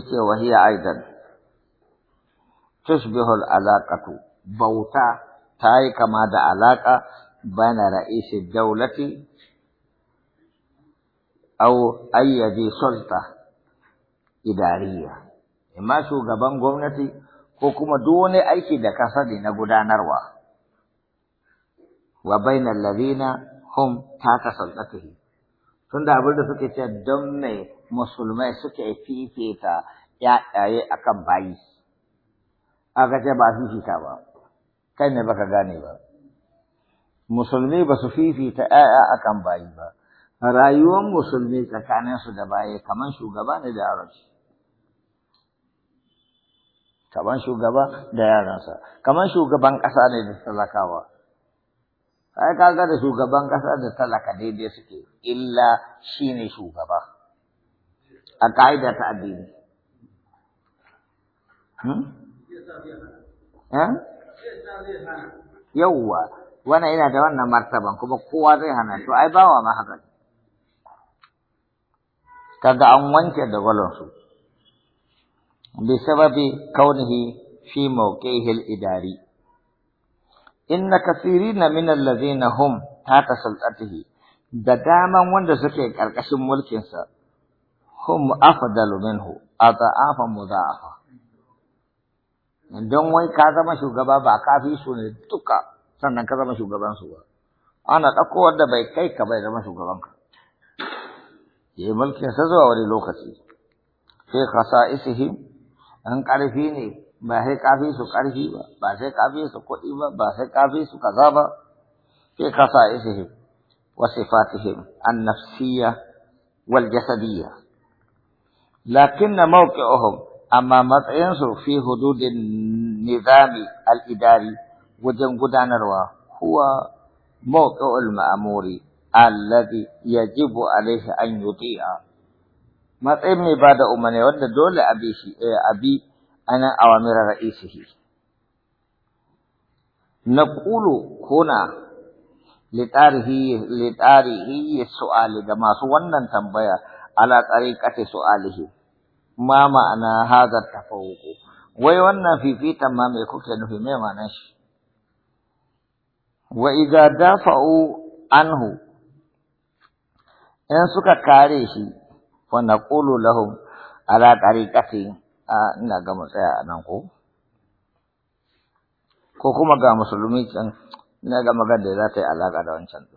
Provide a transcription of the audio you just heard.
تلك وهي أيضا تشبه العلاقة بوتا تاي كما دا علاقة بين رئيس الدولة أو أي ذي سلطة إدارية إما شو غبان غونتي حكومة دوني أي شيء دا كسدي نقودا نروا وبين الذين هم تاتا سلطته tunda abin da suke ce don ne musulmai suke fifita ‘ya'yaye a kan bayi, aka ce ba fifita ba, kai ne baka gane ba. Musulmi ba su fifita ‘ya'ya a kan bayi ba, rayuwar musulmi tsakaninsu da baye kamar shugaba ne da yaransu. Kamar shugaba da yaransa, kamar shugaban ƙasa ne da talakawa. ai kaga da shugaban kasa da talaka daidai suke illa shine shugaba a ka'ida ta addini hmm? eh? yauwa wannan yana da wannan martaban kuma kowa zai hana to ai bawa ma haka kaga an wanke da su bisababi kaunihi fi hil idari inna kathirina min allazina hum tata sultatihi da daman wanda suke karkashin mulkin sa hum afdalu minhu ata'afa mudha'afa don wai ka zama shugaba ba kafi su ne duka sannan ka zama shugaban su ba ana ɗauko wanda bai kai ka bai zama shugaban ka yayi mulkin sa zuwa wani lokaci sai khasa'isihim أنكار فيني باه كافي سكار فيه باه كافي سكوت فيه باه كافي سكذابا في خصائصه وصفاتهم النفسية والجسدية لكن موقعهم أما ما ينصر في حدود النظام الإداري وجن قدان هو موقع المأموري الذي يجب عليه أن يطيع matsayin mai ba da umarni wanda dole a bi shi eh, a bi ana awamira ra'isihi naqulu kuna litarihi litarihi su'ali ga masu wannan tambaya ala tariqati su'alihi ma ma'ana hadha tafawuqu wai wannan fifita ma mai kuke nufi mai ma'anar shi wa idza dafa'u anhu in suka kare shi wa naqulu lahum ala tariqati a ina ga matsaya nan ko ko kuma ga musulmi can ina ga magana da za ta yi alaka da wancan